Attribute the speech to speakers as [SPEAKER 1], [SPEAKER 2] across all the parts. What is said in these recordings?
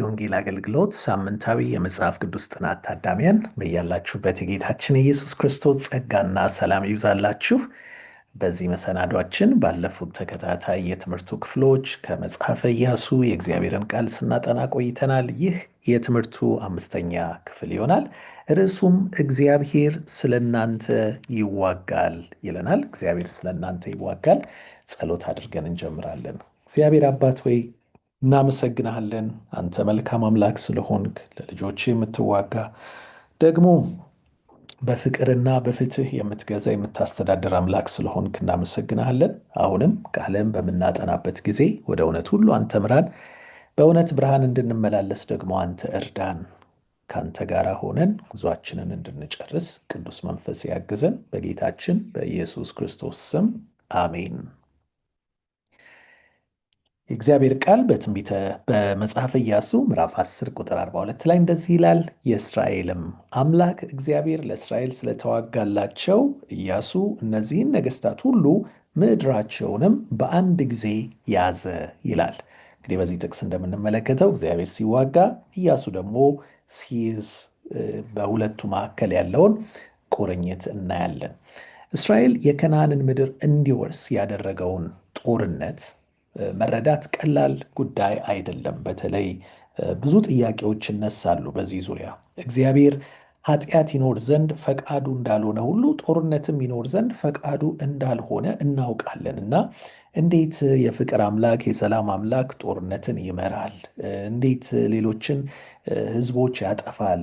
[SPEAKER 1] የወንጌል አገልግሎት ሳምንታዊ የመጽሐፍ ቅዱስ ጥናት ታዳሚያን በያላችሁበት የጌታችን የኢየሱስ ክርስቶስ ጸጋና ሰላም ይብዛላችሁ። በዚህ መሰናዷችን ባለፉት ተከታታይ የትምህርቱ ክፍሎች ከመጽሐፈ ኢያሱ የእግዚአብሔርን ቃል ስናጠና ቆይተናል። ይህ የትምህርቱ አምስተኛ ክፍል ይሆናል። ርዕሱም እግዚአብሔር ስለ እናንተ ይዋጋል ይለናል። እግዚአብሔር ስለ እናንተ ይዋጋል። ጸሎት አድርገን እንጀምራለን። እግዚአብሔር አባት ወይ እናመሰግናሃለን። አንተ መልካም አምላክ ስለሆንክ ለልጆች የምትዋጋ ደግሞ በፍቅርና በፍትህ የምትገዛ የምታስተዳድር አምላክ ስለሆንክ እናመሰግናሃለን። አሁንም ቃለም በምናጠናበት ጊዜ ወደ እውነት ሁሉ አንተ ምራን፣ በእውነት ብርሃን እንድንመላለስ ደግሞ አንተ እርዳን። ከአንተ ጋር ሆነን ጉዟችንን እንድንጨርስ ቅዱስ መንፈስ ያግዘን። በጌታችን በኢየሱስ ክርስቶስ ስም አሜን። የእግዚአብሔር ቃል በትንቢተ በመጽሐፍ እያሱ ምዕራፍ 10 ቁጥር 42 ላይ እንደዚህ ይላል፣ የእስራኤልም አምላክ እግዚአብሔር ለእስራኤል ስለተዋጋላቸው እያሱ እነዚህን ነገስታት ሁሉ ምድራቸውንም በአንድ ጊዜ ያዘ ይላል። እንግዲህ በዚህ ጥቅስ እንደምንመለከተው እግዚአብሔር ሲዋጋ፣ እያሱ ደግሞ ሲይዝ በሁለቱ መካከል ያለውን ቁርኝት እናያለን። እስራኤል የከናንን ምድር እንዲወርስ ያደረገውን ጦርነት መረዳት ቀላል ጉዳይ አይደለም። በተለይ ብዙ ጥያቄዎች ይነሳሉ በዚህ ዙሪያ እግዚአብሔር ኃጢአት ይኖር ዘንድ ፈቃዱ እንዳልሆነ ሁሉ ጦርነትም ይኖር ዘንድ ፈቃዱ እንዳልሆነ እናውቃለን እና እንዴት የፍቅር አምላክ የሰላም አምላክ ጦርነትን ይመራል? እንዴት ሌሎችን ህዝቦች ያጠፋል፣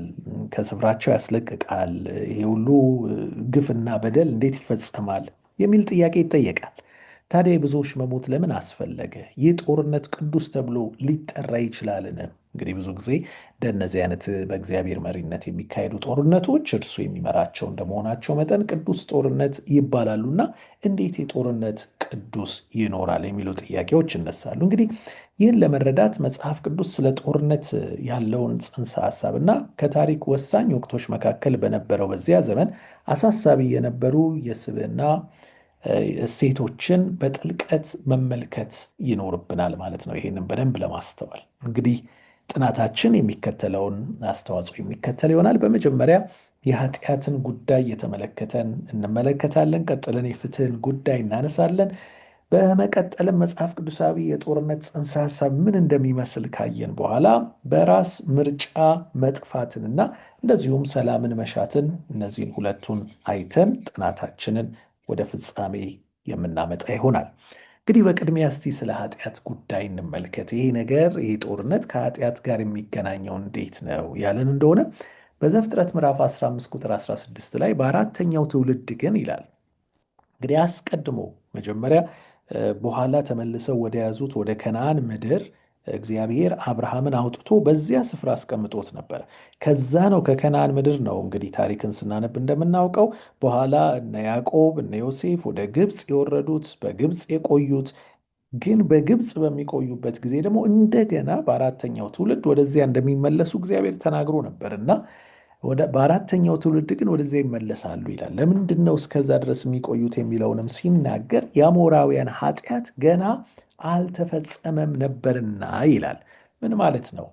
[SPEAKER 1] ከስፍራቸው ያስለቅቃል? ይሄ ሁሉ ግፍና በደል እንዴት ይፈጸማል? የሚል ጥያቄ ይጠየቃል። ታዲያ የብዙዎች መሞት ለምን አስፈለገ? ይህ ጦርነት ቅዱስ ተብሎ ሊጠራ ይችላልን? እንግዲህ ብዙ ጊዜ እንደነዚህ አይነት በእግዚአብሔር መሪነት የሚካሄዱ ጦርነቶች እርሱ የሚመራቸው እንደመሆናቸው መጠን ቅዱስ ጦርነት ይባላሉና እንዴት የጦርነት ቅዱስ ይኖራል የሚሉ ጥያቄዎች ይነሳሉ። እንግዲህ ይህን ለመረዳት መጽሐፍ ቅዱስ ስለ ጦርነት ያለውን ጽንሰ ሐሳብና ከታሪክ ወሳኝ ወቅቶች መካከል በነበረው በዚያ ዘመን አሳሳቢ የነበሩ የስብዕና እሴቶችን በጥልቀት መመልከት ይኖርብናል ማለት ነው። ይህንን በደንብ ለማስተዋል እንግዲህ ጥናታችን የሚከተለውን አስተዋጽኦ የሚከተል ይሆናል። በመጀመሪያ የኃጢአትን ጉዳይ የተመለከተን እንመለከታለን። ቀጥለን የፍትህን ጉዳይ እናነሳለን። በመቀጠልም መጽሐፍ ቅዱሳዊ የጦርነት ጽንሰ ሀሳብ ምን እንደሚመስል ካየን በኋላ በራስ ምርጫ መጥፋትንና እንደዚሁም ሰላምን መሻትን እነዚህን ሁለቱን አይተን ጥናታችንን ወደ ፍጻሜ የምናመጣ ይሆናል። እንግዲህ በቅድሚያ እስቲ ስለ ኃጢአት ጉዳይ እንመልከት። ይሄ ነገር ይሄ ጦርነት ከኃጢአት ጋር የሚገናኘው እንዴት ነው ያለን እንደሆነ በዘፍጥረት ምዕራፍ 15 ቁጥር 16 ላይ በአራተኛው ትውልድ ግን ይላል እንግዲህ አስቀድሞ መጀመሪያ በኋላ ተመልሰው ወደ ያዙት ወደ ከነአን ምድር እግዚአብሔር አብርሃምን አውጥቶ በዚያ ስፍራ አስቀምጦት ነበር። ከዛ ነው ከከናን ምድር ነው እንግዲህ ታሪክን ስናነብ እንደምናውቀው በኋላ እነ ያዕቆብ እነ ዮሴፍ ወደ ግብፅ የወረዱት በግብፅ የቆዩት ግን በግብፅ በሚቆዩበት ጊዜ ደግሞ እንደገና በአራተኛው ትውልድ ወደዚያ እንደሚመለሱ እግዚአብሔር ተናግሮ ነበር እና በአራተኛው ትውልድ ግን ወደዚያ ይመለሳሉ ይላል። ለምንድን ነው እስከዛ ድረስ የሚቆዩት የሚለውንም ሲናገር የአሞራውያን ኃጢአት ገና አልተፈጸመም ነበርና ይላል። ምን ማለት ነው?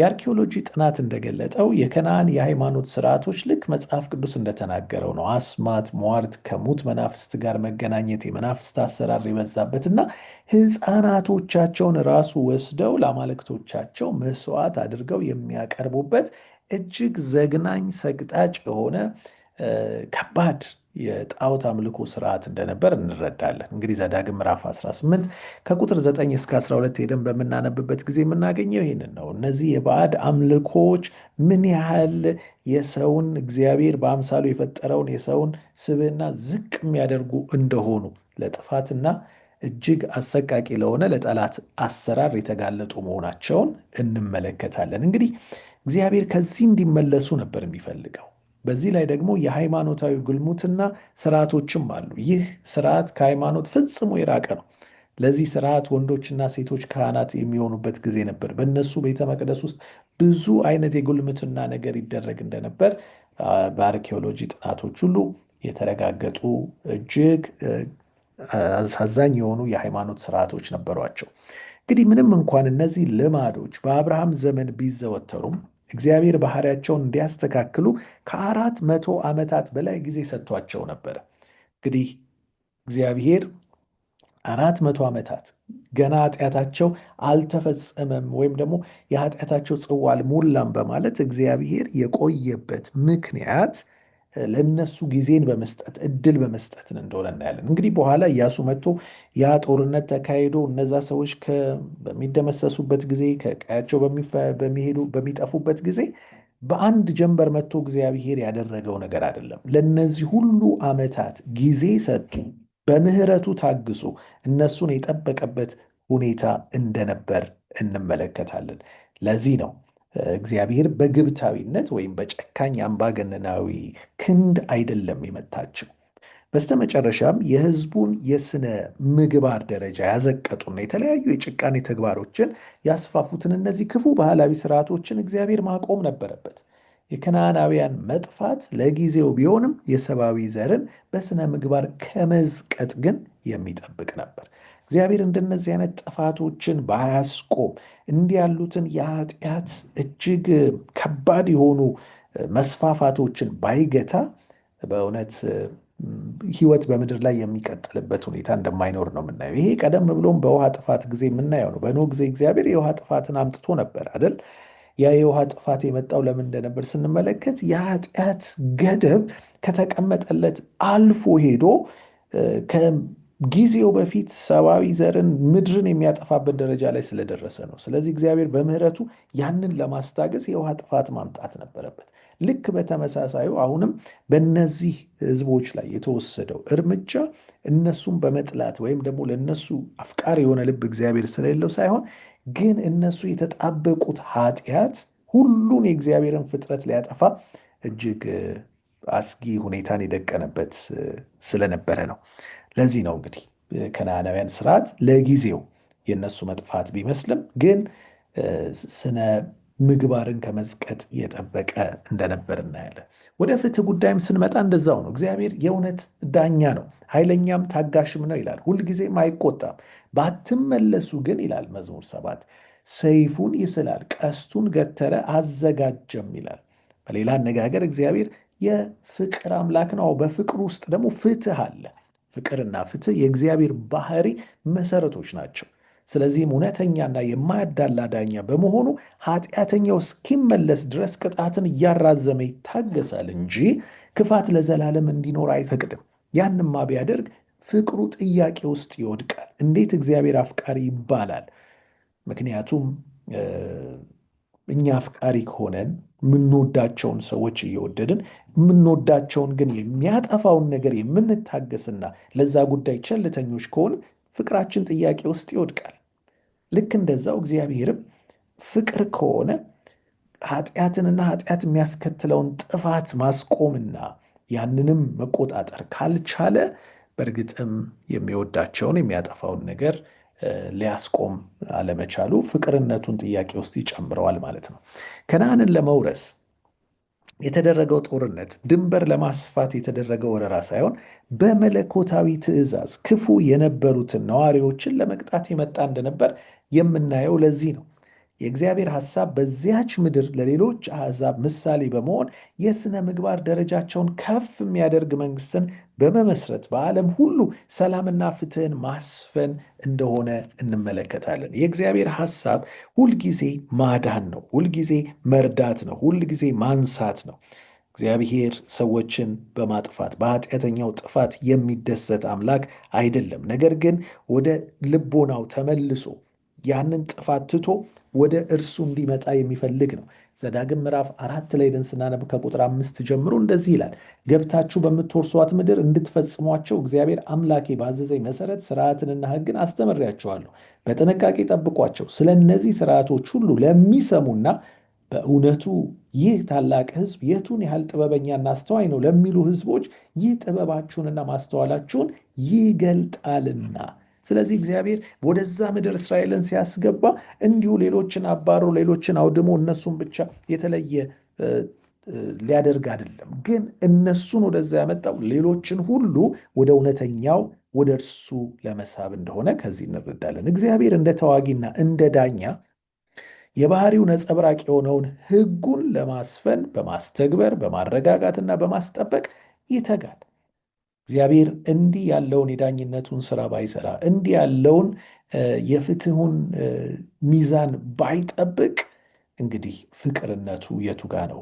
[SPEAKER 1] የአርኪኦሎጂ ጥናት እንደገለጠው የከናን የሃይማኖት ስርዓቶች ልክ መጽሐፍ ቅዱስ እንደተናገረው ነው። አስማት፣ ሟርት፣ ከሙት መናፍስት ጋር መገናኘት፣ የመናፍስት አሰራር የበዛበትና ሕፃናቶቻቸውን ራሱ ወስደው ለአማልክቶቻቸው መስዋዕት አድርገው የሚያቀርቡበት እጅግ ዘግናኝ፣ ሰግጣጭ የሆነ ከባድ የጣዖት አምልኮ ስርዓት እንደነበር እንረዳለን። እንግዲህ ዘዳግም ምዕራፍ 18 ከቁጥር 9 እስከ 12 ሄደን በምናነብበት ጊዜ የምናገኘው ይህንን ነው። እነዚህ የባዕድ አምልኮዎች ምን ያህል የሰውን እግዚአብሔር በአምሳሉ የፈጠረውን የሰውን ስብዕና ዝቅ የሚያደርጉ እንደሆኑ ለጥፋትና እጅግ አሰቃቂ ለሆነ ለጠላት አሰራር የተጋለጡ መሆናቸውን እንመለከታለን። እንግዲህ እግዚአብሔር ከዚህ እንዲመለሱ ነበር የሚፈልገው በዚህ ላይ ደግሞ የሃይማኖታዊ ግልሙትና ስርዓቶችም አሉ። ይህ ስርዓት ከሃይማኖት ፍጽሞ የራቀ ነው። ለዚህ ስርዓት ወንዶችና ሴቶች ካህናት የሚሆኑበት ጊዜ ነበር። በእነሱ ቤተ መቅደስ ውስጥ ብዙ አይነት የጉልምትና ነገር ይደረግ እንደነበር በአርኪኦሎጂ ጥናቶች ሁሉ የተረጋገጡ እጅግ አሳዛኝ የሆኑ የሃይማኖት ስርዓቶች ነበሯቸው። እንግዲህ ምንም እንኳን እነዚህ ልማዶች በአብርሃም ዘመን ቢዘወተሩም እግዚአብሔር ባህሪያቸውን እንዲያስተካክሉ ከአራት መቶ ዓመታት በላይ ጊዜ ሰጥቷቸው ነበረ። እንግዲህ እግዚአብሔር አራት መቶ ዓመታት ገና ኃጢአታቸው አልተፈጸመም ወይም ደግሞ የኃጢአታቸው ጽዋ አልሞላም በማለት እግዚአብሔር የቆየበት ምክንያት ለነሱ ጊዜን በመስጠት እድል በመስጠት እንደሆነ እናያለን። እንግዲህ በኋላ እያሱ መጥቶ ያ ጦርነት ተካሂዶ እነዛ ሰዎች በሚደመሰሱበት ጊዜ ከቀያቸው በሚሄዱ በሚጠፉበት ጊዜ በአንድ ጀንበር መጥቶ እግዚአብሔር ያደረገው ነገር አይደለም። ለእነዚህ ሁሉ ዓመታት ጊዜ ሰጡ። በምህረቱ ታግሶ እነሱን የጠበቀበት ሁኔታ እንደነበር እንመለከታለን። ለዚህ ነው እግዚአብሔር በግብታዊነት ወይም በጨካኝ አምባገነናዊ ክንድ አይደለም የመታቸው በስተመጨረሻም የህዝቡን የስነ ምግባር ደረጃ ያዘቀጡና የተለያዩ የጭቃኔ ተግባሮችን ያስፋፉትን እነዚህ ክፉ ባህላዊ ስርዓቶችን እግዚአብሔር ማቆም ነበረበት። የከነዓናውያን መጥፋት ለጊዜው ቢሆንም የሰብአዊ ዘርን በስነ ምግባር ከመዝቀጥ ግን የሚጠብቅ ነበር። እግዚአብሔር እንደነዚህ አይነት ጥፋቶችን ባያስቆም እንዲህ ያሉትን የኃጢአት እጅግ ከባድ የሆኑ መስፋፋቶችን ባይገታ በእውነት ህይወት በምድር ላይ የሚቀጥልበት ሁኔታ እንደማይኖር ነው የምናየው። ይሄ ቀደም ብሎም በውሃ ጥፋት ጊዜ የምናየው ነው። በኖ ጊዜ እግዚአብሔር የውሃ ጥፋትን አምጥቶ ነበር አይደል? ያ የውሃ ጥፋት የመጣው ለምን እንደነበር ስንመለከት የኃጢአት ገደብ ከተቀመጠለት አልፎ ሄዶ ጊዜው በፊት ሰብአዊ ዘርን ምድርን የሚያጠፋበት ደረጃ ላይ ስለደረሰ ነው። ስለዚህ እግዚአብሔር በምሕረቱ ያንን ለማስታገስ የውሃ ጥፋት ማምጣት ነበረበት። ልክ በተመሳሳዩ አሁንም በእነዚህ ህዝቦች ላይ የተወሰደው እርምጃ እነሱን በመጥላት ወይም ደግሞ ለእነሱ አፍቃሪ የሆነ ልብ እግዚአብሔር ስለሌለው ሳይሆን ግን እነሱ የተጣበቁት ኃጢአት ሁሉን የእግዚአብሔርን ፍጥረት ሊያጠፋ እጅግ አስጊ ሁኔታን የደቀነበት ስለነበረ ነው። ለዚህ ነው እንግዲህ ከነዓናውያን ስርዓት ለጊዜው የነሱ መጥፋት ቢመስልም ግን ስነ ምግባርን ከመዝቀጥ የጠበቀ እንደነበር እናያለን። ወደ ፍትህ ጉዳይም ስንመጣ እንደዛው ነው። እግዚአብሔር የእውነት ዳኛ ነው፣ ኃይለኛም ታጋሽም ነው ይላል። ሁልጊዜም አይቆጣም። ባትመለሱ ግን ይላል መዝሙር ሰባት ሰይፉን ይስላል፣ ቀስቱን ገተረ አዘጋጀም ይላል። በሌላ አነጋገር እግዚአብሔር የፍቅር አምላክ ነው። በፍቅር ውስጥ ደግሞ ፍትህ አለ። ፍቅርና ፍትህ የእግዚአብሔር ባህሪ መሰረቶች ናቸው። ስለዚህም እውነተኛና የማያዳላ ዳኛ በመሆኑ ኃጢአተኛው እስኪመለስ ድረስ ቅጣትን እያራዘመ ይታገሳል እንጂ ክፋት ለዘላለም እንዲኖር አይፈቅድም። ያንማ ቢያደርግ ፍቅሩ ጥያቄ ውስጥ ይወድቃል። እንዴት እግዚአብሔር አፍቃሪ ይባላል? ምክንያቱም እኛ አፍቃሪ ከሆነን የምንወዳቸውን ሰዎች እየወደድን የምንወዳቸውን ግን የሚያጠፋውን ነገር የምንታገስና ለዛ ጉዳይ ቸልተኞች ከሆን ፍቅራችን ጥያቄ ውስጥ ይወድቃል። ልክ እንደዛው እግዚአብሔርም ፍቅር ከሆነ ኃጢአትንና ኃጢአት የሚያስከትለውን ጥፋት ማስቆምና ያንንም መቆጣጠር ካልቻለ በእርግጥም የሚወዳቸውን የሚያጠፋውን ነገር ሊያስቆም አለመቻሉ ፍቅርነቱን ጥያቄ ውስጥ ይጨምረዋል ማለት ነው። ከነአንን ለመውረስ የተደረገው ጦርነት ድንበር ለማስፋት የተደረገ ወረራ ሳይሆን በመለኮታዊ ትእዛዝ ክፉ የነበሩትን ነዋሪዎችን ለመቅጣት የመጣ እንደነበር የምናየው ለዚህ ነው። የእግዚአብሔር ሐሳብ በዚያች ምድር ለሌሎች አሕዛብ ምሳሌ በመሆን የሥነ ምግባር ደረጃቸውን ከፍ የሚያደርግ መንግስትን በመመስረት በዓለም ሁሉ ሰላምና ፍትህን ማስፈን እንደሆነ እንመለከታለን። የእግዚአብሔር ሐሳብ ሁልጊዜ ማዳን ነው፣ ሁልጊዜ መርዳት ነው፣ ሁልጊዜ ማንሳት ነው። እግዚአብሔር ሰዎችን በማጥፋት በኃጢአተኛው ጥፋት የሚደሰት አምላክ አይደለም። ነገር ግን ወደ ልቦናው ተመልሶ ያንን ጥፋት ትቶ ወደ እርሱ እንዲመጣ የሚፈልግ ነው። ዘዳግም ምዕራፍ አራት ላይ ደን ስናነብ ከቁጥር አምስት ጀምሮ እንደዚህ ይላል፣ ገብታችሁ በምትወርሷት ምድር እንድትፈጽሟቸው እግዚአብሔር አምላኬ ባዘዘኝ መሰረት ስርዓትንና ሕግን አስተምሬያችኋለሁ። በጥንቃቄ ጠብቋቸው። ስለ እነዚህ ስርዓቶች ሁሉ ለሚሰሙና በእውነቱ ይህ ታላቅ ሕዝብ የቱን ያህል ጥበበኛና አስተዋይ ነው ለሚሉ ሕዝቦች ይህ ጥበባችሁንና ማስተዋላችሁን ይገልጣልና ስለዚህ እግዚአብሔር ወደዛ ምድር እስራኤልን ሲያስገባ እንዲሁ ሌሎችን አባሮ ሌሎችን አውድሞ እነሱን ብቻ የተለየ ሊያደርግ አይደለም። ግን እነሱን ወደዛ ያመጣው ሌሎችን ሁሉ ወደ እውነተኛው ወደ እርሱ ለመሳብ እንደሆነ ከዚህ እንረዳለን። እግዚአብሔር እንደ ተዋጊና እንደ ዳኛ የባህሪው ነጸብራቅ የሆነውን ሕጉን ለማስፈን በማስተግበር በማረጋጋትና በማስጠበቅ ይተጋል። እግዚአብሔር እንዲህ ያለውን የዳኝነቱን ስራ ባይሰራ እንዲህ ያለውን የፍትሁን ሚዛን ባይጠብቅ እንግዲህ ፍቅርነቱ የቱ ጋ ነው?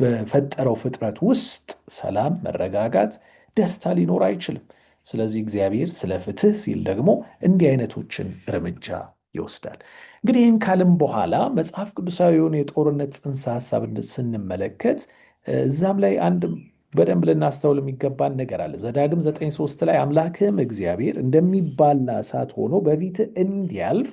[SPEAKER 1] በፈጠረው ፍጥረት ውስጥ ሰላም፣ መረጋጋት፣ ደስታ ሊኖር አይችልም። ስለዚህ እግዚአብሔር ስለ ፍትህ ሲል ደግሞ እንዲህ አይነቶችን እርምጃ ይወስዳል። እንግዲህ ይህን ካልም በኋላ መጽሐፍ ቅዱሳዊ የሆነ የጦርነት ጽንሰ ሀሳብ ስንመለከት እዛም ላይ አንድ በደንብ ልናስተውል የሚገባን ነገር አለ። ዘዳግም 9፥3 ላይ አምላክህም እግዚአብሔር እንደሚባላ እሳት ሆኖ በፊት እንዲያልፍ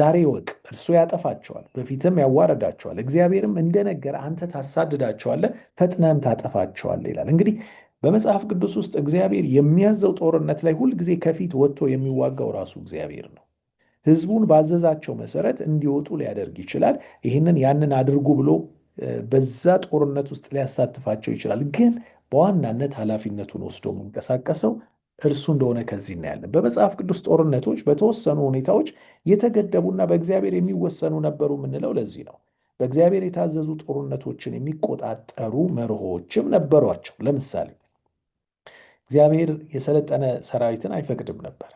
[SPEAKER 1] ዛሬ ወቅ እርሱ ያጠፋቸዋል፣ በፊትም ያዋረዳቸዋል። እግዚአብሔርም እንደነገረ አንተ ታሳድዳቸዋለህ፣ ፈጥነህም ታጠፋቸዋለህ ይላል። እንግዲህ በመጽሐፍ ቅዱስ ውስጥ እግዚአብሔር የሚያዘው ጦርነት ላይ ሁልጊዜ ከፊት ወጥቶ የሚዋጋው ራሱ እግዚአብሔር ነው። ህዝቡን ባዘዛቸው መሰረት እንዲወጡ ሊያደርግ ይችላል። ይህንን ያንን አድርጉ ብሎ በዛ ጦርነት ውስጥ ሊያሳትፋቸው ይችላል። ግን በዋናነት ኃላፊነቱን ወስዶ የሚንቀሳቀሰው እርሱ እንደሆነ ከዚህ እናያለን። በመጽሐፍ ቅዱስ ጦርነቶች በተወሰኑ ሁኔታዎች የተገደቡና በእግዚአብሔር የሚወሰኑ ነበሩ የምንለው ለዚህ ነው። በእግዚአብሔር የታዘዙ ጦርነቶችን የሚቆጣጠሩ መርሆችም ነበሯቸው። ለምሳሌ እግዚአብሔር የሰለጠነ ሰራዊትን አይፈቅድም ነበር።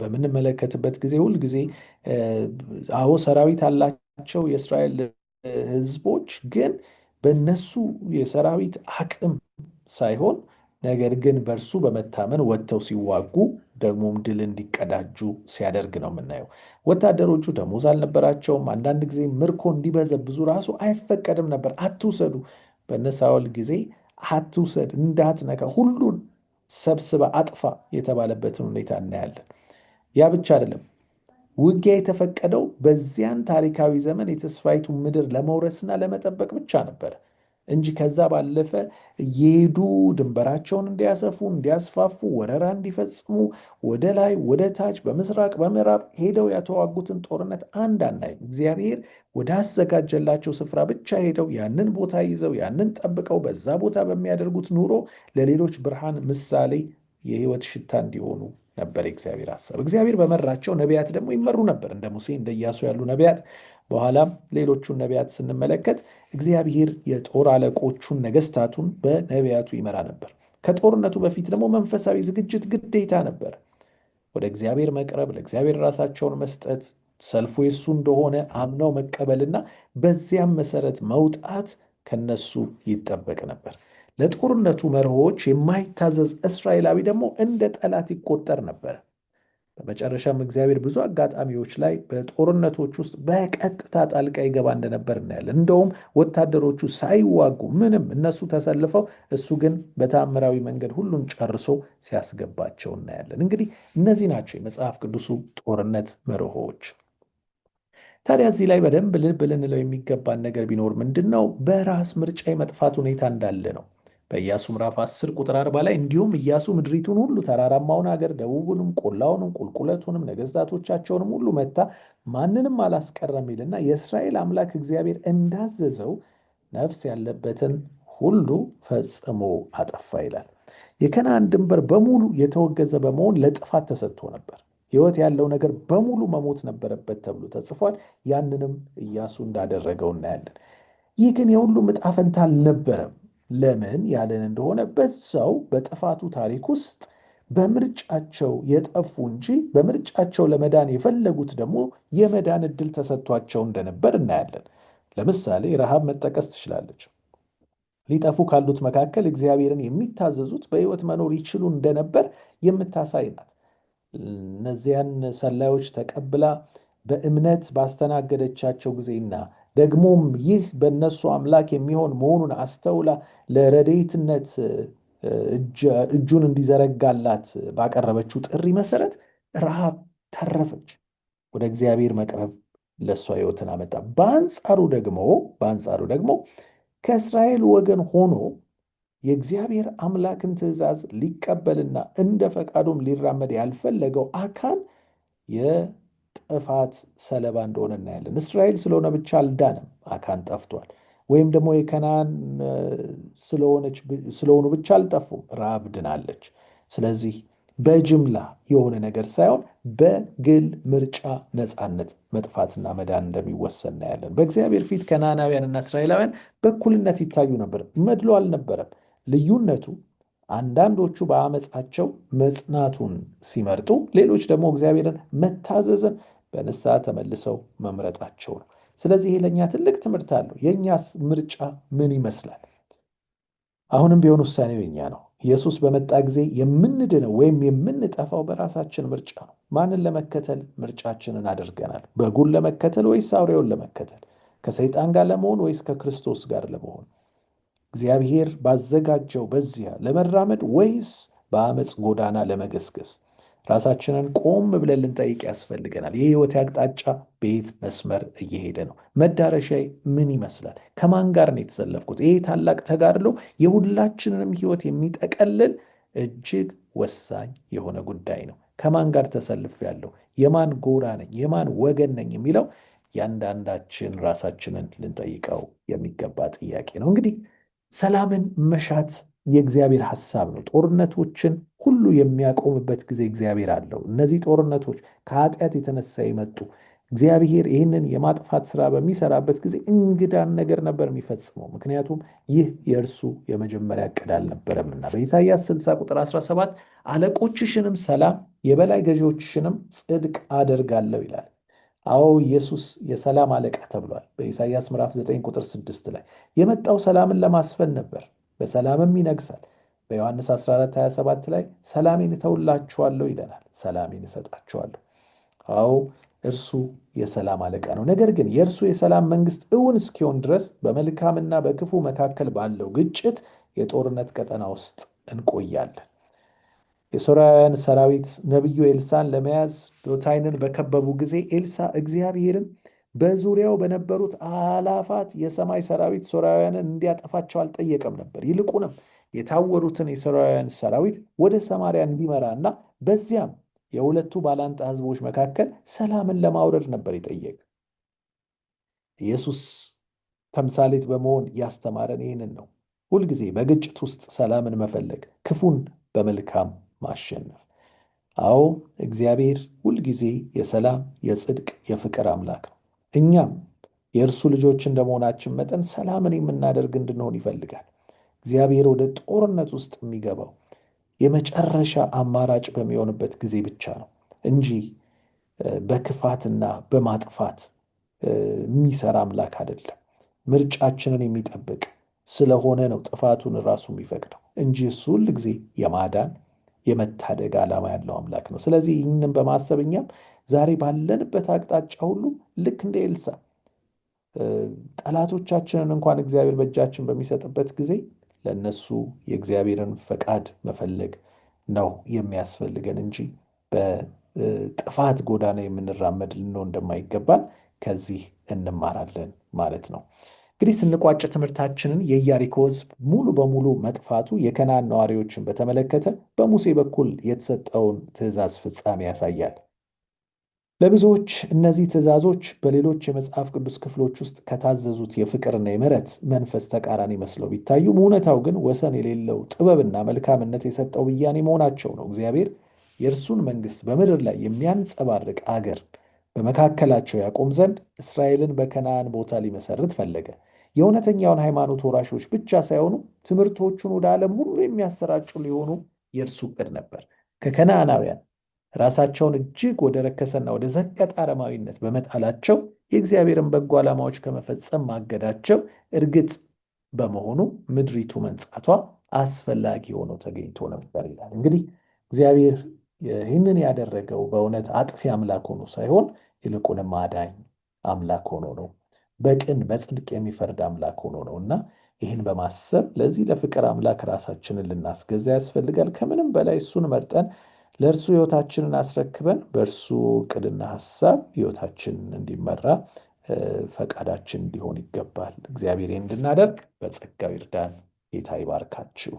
[SPEAKER 1] በምንመለከትበት ጊዜ ሁል ጊዜ አዎ ሰራዊት አላቸው የእስራኤል ህዝቦች ግን በነሱ የሰራዊት አቅም ሳይሆን ነገር ግን በእርሱ በመታመን ወጥተው ሲዋጉ ደግሞም ድል እንዲቀዳጁ ሲያደርግ ነው የምናየው። ወታደሮቹ ደሞዝ አልነበራቸውም። አንዳንድ ጊዜ ምርኮ እንዲበዘብዙ ራሱ አይፈቀድም ነበር። አትውሰዱ፣ በነ ጊዜ አትውሰድ፣ እንዳትነካ፣ ሁሉን ሰብስበ አጥፋ የተባለበትን ሁኔታ እናያለን። ያ ብቻ አይደለም። ውጊያ የተፈቀደው በዚያን ታሪካዊ ዘመን የተስፋይቱ ምድር ለመውረስና ለመጠበቅ ብቻ ነበር እንጂ ከዛ ባለፈ እየሄዱ ድንበራቸውን እንዲያሰፉ፣ እንዲያስፋፉ፣ ወረራ እንዲፈጽሙ ወደ ላይ ወደ ታች፣ በምስራቅ በምዕራብ ሄደው ያተዋጉትን ጦርነት አንድ አናይ እግዚአብሔር ወዳዘጋጀላቸው ስፍራ ብቻ ሄደው ያንን ቦታ ይዘው ያንን ጠብቀው በዛ ቦታ በሚያደርጉት ኑሮ ለሌሎች ብርሃን፣ ምሳሌ፣ የህይወት ሽታ እንዲሆኑ ነበር የእግዚአብሔር ሀሳብ። እግዚአብሔር በመራቸው ነቢያት ደግሞ ይመሩ ነበር፣ እንደ ሙሴ እንደ ኢያሱ ያሉ ነቢያት። በኋላም ሌሎቹን ነቢያት ስንመለከት እግዚአብሔር የጦር አለቆቹን ነገስታቱን በነቢያቱ ይመራ ነበር። ከጦርነቱ በፊት ደግሞ መንፈሳዊ ዝግጅት ግዴታ ነበር። ወደ እግዚአብሔር መቅረብ፣ ለእግዚአብሔር ራሳቸውን መስጠት፣ ሰልፉ የሱ እንደሆነ አምነው መቀበልና በዚያም መሰረት መውጣት ከነሱ ይጠበቅ ነበር። ለጦርነቱ መርሆች የማይታዘዝ እስራኤላዊ ደግሞ እንደ ጠላት ይቆጠር ነበር። በመጨረሻም እግዚአብሔር ብዙ አጋጣሚዎች ላይ በጦርነቶች ውስጥ በቀጥታ ጣልቃ ይገባ እንደነበር እናያለን። እንደውም ወታደሮቹ ሳይዋጉ ምንም እነሱ ተሰልፈው፣ እሱ ግን በተአምራዊ መንገድ ሁሉን ጨርሶ ሲያስገባቸው እናያለን። እንግዲህ እነዚህ ናቸው የመጽሐፍ ቅዱሱ ጦርነት መርሆዎች። ታዲያ እዚህ ላይ በደንብ ልብ ልንለው የሚገባን ነገር ቢኖር ምንድን ነው? በራስ ምርጫ የመጥፋት ሁኔታ እንዳለ ነው። በኢያሱ ምዕራፍ 10 ቁጥር 40 ላይ እንዲሁም ኢያሱ ምድሪቱን ሁሉ ተራራማውን ሀገር ደቡቡንም፣ ቆላውንም፣ ቁልቁለቱንም ነገሥታቶቻቸውንም ሁሉ መታ፣ ማንንም አላስቀረም ይልና የእስራኤል አምላክ እግዚአብሔር እንዳዘዘው ነፍስ ያለበትን ሁሉ ፈጽሞ አጠፋ ይላል። የከነዓን ድንበር በሙሉ የተወገዘ በመሆን ለጥፋት ተሰጥቶ ነበር። ሕይወት ያለው ነገር በሙሉ መሞት ነበረበት ተብሎ ተጽፏል። ያንንም ኢያሱ እንዳደረገው እናያለን። ይህ ግን የሁሉም ዕጣ ፈንታ አልነበረም። ለምን ያለን እንደሆነ በዛው በጥፋቱ ታሪክ ውስጥ በምርጫቸው የጠፉ እንጂ በምርጫቸው ለመዳን የፈለጉት ደግሞ የመዳን እድል ተሰጥቷቸው እንደነበር እናያለን። ለምሳሌ ረሃብ መጠቀስ ትችላለች። ሊጠፉ ካሉት መካከል እግዚአብሔርን የሚታዘዙት በሕይወት መኖር ይችሉ እንደነበር የምታሳይ ናት። እነዚያን ሰላዮች ተቀብላ በእምነት ባስተናገደቻቸው ጊዜና ደግሞም ይህ በእነሱ አምላክ የሚሆን መሆኑን አስተውላ ለረዴትነት እጁን እንዲዘረጋላት ባቀረበችው ጥሪ መሰረት ረሃብ ተረፈች። ወደ እግዚአብሔር መቅረብ ለእሷ ህይወትን አመጣ። በአንጻሩ ደግሞ በአንጻሩ ደግሞ ከእስራኤል ወገን ሆኖ የእግዚአብሔር አምላክን ትእዛዝ ሊቀበልና እንደ ፈቃዱም ሊራመድ ያልፈለገው አካል ጥፋት ሰለባ እንደሆነ እናያለን። እስራኤል ስለሆነ ብቻ አልዳንም፣ አካን ጠፍቷል። ወይም ደግሞ የከናን ስለሆኑ ብቻ አልጠፉም፣ ረሃብ ድናለች። ስለዚህ በጅምላ የሆነ ነገር ሳይሆን በግል ምርጫ ነፃነት መጥፋትና መዳን እንደሚወሰን እናያለን። በእግዚአብሔር ፊት ከናናውያንና እስራኤላውያን በእኩልነት ይታዩ ነበር፣ መድሎ አልነበረም። ልዩነቱ አንዳንዶቹ በአመፃቸው መጽናቱን ሲመርጡ፣ ሌሎች ደግሞ እግዚአብሔርን መታዘዝን በንስሐ ተመልሰው መምረጣቸው ነው። ስለዚህ ይህ ለእኛ ትልቅ ትምህርት አለው። የእኛስ ምርጫ ምን ይመስላል? አሁንም ቢሆን ውሳኔው የኛ ነው። ኢየሱስ በመጣ ጊዜ የምንድነው ወይም የምንጠፋው በራሳችን ምርጫ ነው። ማንን ለመከተል ምርጫችንን አድርገናል? በጉን ለመከተል ወይስ አውሬውን ለመከተል? ከሰይጣን ጋር ለመሆን ወይስ ከክርስቶስ ጋር ለመሆን? እግዚአብሔር ባዘጋጀው በዚያ ለመራመድ ወይስ በአመፅ ጎዳና ለመገስገስ? ራሳችንን ቆም ብለን ልንጠይቅ ያስፈልገናል። የህይወት አቅጣጫ በየት መስመር እየሄደ ነው? መዳረሻ ምን ይመስላል? ከማን ጋር ነው የተሰለፍኩት? ይሄ ታላቅ ተጋድሎ የሁላችንንም ህይወት የሚጠቀልል እጅግ ወሳኝ የሆነ ጉዳይ ነው። ከማን ጋር ተሰልፍ ያለው የማን ጎራ ነኝ? የማን ወገን ነኝ? የሚለው ያንዳንዳችን ራሳችንን ልንጠይቀው የሚገባ ጥያቄ ነው። እንግዲህ ሰላምን መሻት የእግዚአብሔር ሐሳብ ነው። ጦርነቶችን ሁሉ የሚያቆምበት ጊዜ እግዚአብሔር አለው። እነዚህ ጦርነቶች ከኃጢአት የተነሳ የመጡ እግዚአብሔር ይህንን የማጥፋት ስራ በሚሰራበት ጊዜ እንግዳን ነገር ነበር የሚፈጽመው። ምክንያቱም ይህ የእርሱ የመጀመሪያ ዕቅድ አልነበረምና በኢሳይያስ 60 ቁጥር 17 አለቆችሽንም ሰላም፣ የበላይ ገዢዎችሽንም ጽድቅ አደርጋለሁ ይላል። አዎ ኢየሱስ የሰላም አለቃ ተብሏል። በኢሳይያስ ምዕራፍ 9 ቁጥር 6 ላይ የመጣው ሰላምን ለማስፈን ነበር፣ በሰላምም ይነግሳል። በዮሐንስ 14 27 ላይ ሰላሜን እተውላችኋለሁ ይለናል፣ ሰላሜን እሰጣችኋለሁ። አዎ እርሱ የሰላም አለቃ ነው። ነገር ግን የእርሱ የሰላም መንግስት እውን እስኪሆን ድረስ በመልካምና በክፉ መካከል ባለው ግጭት የጦርነት ቀጠና ውስጥ እንቆያለን። የሶርያውያን ሰራዊት ነቢዩ ኤልሳን ለመያዝ ዶታይንን በከበቡ ጊዜ ኤልሳ እግዚአብሔርም በዙሪያው በነበሩት አላፋት የሰማይ ሰራዊት ሶርያውያንን እንዲያጠፋቸው አልጠየቀም ነበር። ይልቁንም የታወሩትን የሶርያውያን ሰራዊት ወደ እንዲመራ እንዲመራና በዚያም የሁለቱ ባላንጣ ሕዝቦች መካከል ሰላምን ለማውረድ ነበር የጠየቀ። ኢየሱስ ተምሳሌት በመሆን ያስተማረን ይህንን ነው። ሁልጊዜ በግጭት ውስጥ ሰላምን መፈለግ፣ ክፉን በመልካም ማሸነፍ። አዎ እግዚአብሔር ሁልጊዜ የሰላም የጽድቅ የፍቅር አምላክ ነው። እኛም የእርሱ ልጆች እንደመሆናችን መጠን ሰላምን የምናደርግ እንድንሆን ይፈልጋል። እግዚአብሔር ወደ ጦርነት ውስጥ የሚገባው የመጨረሻ አማራጭ በሚሆንበት ጊዜ ብቻ ነው እንጂ በክፋትና በማጥፋት የሚሰራ አምላክ አይደለም። ምርጫችንን የሚጠብቅ ስለሆነ ነው ጥፋቱን ራሱ የሚፈቅደው እንጂ እሱ ሁል ጊዜ የማዳን የመታደግ ዓላማ ያለው አምላክ ነው። ስለዚህ ይህንን በማሰብ እኛም ዛሬ ባለንበት አቅጣጫ ሁሉ ልክ እንደ ኤልሳ ጠላቶቻችንን እንኳን እግዚአብሔር በእጃችን በሚሰጥበት ጊዜ ለእነሱ የእግዚአብሔርን ፈቃድ መፈለግ ነው የሚያስፈልገን እንጂ በጥፋት ጎዳና የምንራመድ ልንሆን እንደማይገባን ከዚህ እንማራለን ማለት ነው። እንግዲህ ስንቋጭ ትምህርታችንን የኢያሪኮ ህዝብ ሙሉ በሙሉ መጥፋቱ የከናን ነዋሪዎችን በተመለከተ በሙሴ በኩል የተሰጠውን ትእዛዝ ፍጻሜ ያሳያል። ለብዙዎች እነዚህ ትእዛዞች በሌሎች የመጽሐፍ ቅዱስ ክፍሎች ውስጥ ከታዘዙት የፍቅርና የምሕረት መንፈስ ተቃራኒ መስለው ቢታዩም እውነታው ግን ወሰን የሌለው ጥበብና መልካምነት የሰጠው ብያኔ መሆናቸው ነው። እግዚአብሔር የእርሱን መንግስት በምድር ላይ የሚያንጸባርቅ አገር በመካከላቸው ያቆም ዘንድ እስራኤልን በከናን ቦታ ሊመሰርት ፈለገ። የእውነተኛውን ሃይማኖት ወራሾች ብቻ ሳይሆኑ ትምህርቶቹን ወደ ዓለም ሁሉ የሚያሰራጩ ሊሆኑ የእርሱ እቅድ ነበር። ከከነዓናውያን ራሳቸውን እጅግ ወደ ረከሰና ወደ ዘቀጠ አረማዊነት በመጣላቸው የእግዚአብሔርን በጎ ዓላማዎች ከመፈጸም ማገዳቸው እርግጥ በመሆኑ ምድሪቱ መንጻቷ አስፈላጊ ሆኖ ተገኝቶ ነበር ይላል። እንግዲህ እግዚአብሔር ይህንን ያደረገው በእውነት አጥፊ አምላክ ሆኖ ሳይሆን ይልቁንም አዳኝ አምላክ ሆኖ ነው። በቅን በጽድቅ የሚፈርድ አምላክ ሆኖ ነው እና ይህን በማሰብ ለዚህ ለፍቅር አምላክ ራሳችንን ልናስገዛ ያስፈልጋል። ከምንም በላይ እሱን መርጠን ለእርሱ ህይወታችንን አስረክበን በእርሱ ዕቅድና ሀሳብ ህይወታችን እንዲመራ ፈቃዳችን ሊሆን ይገባል። እግዚአብሔር እንድናደርግ በጸጋው ይርዳን። ጌታ ይባርካችሁ።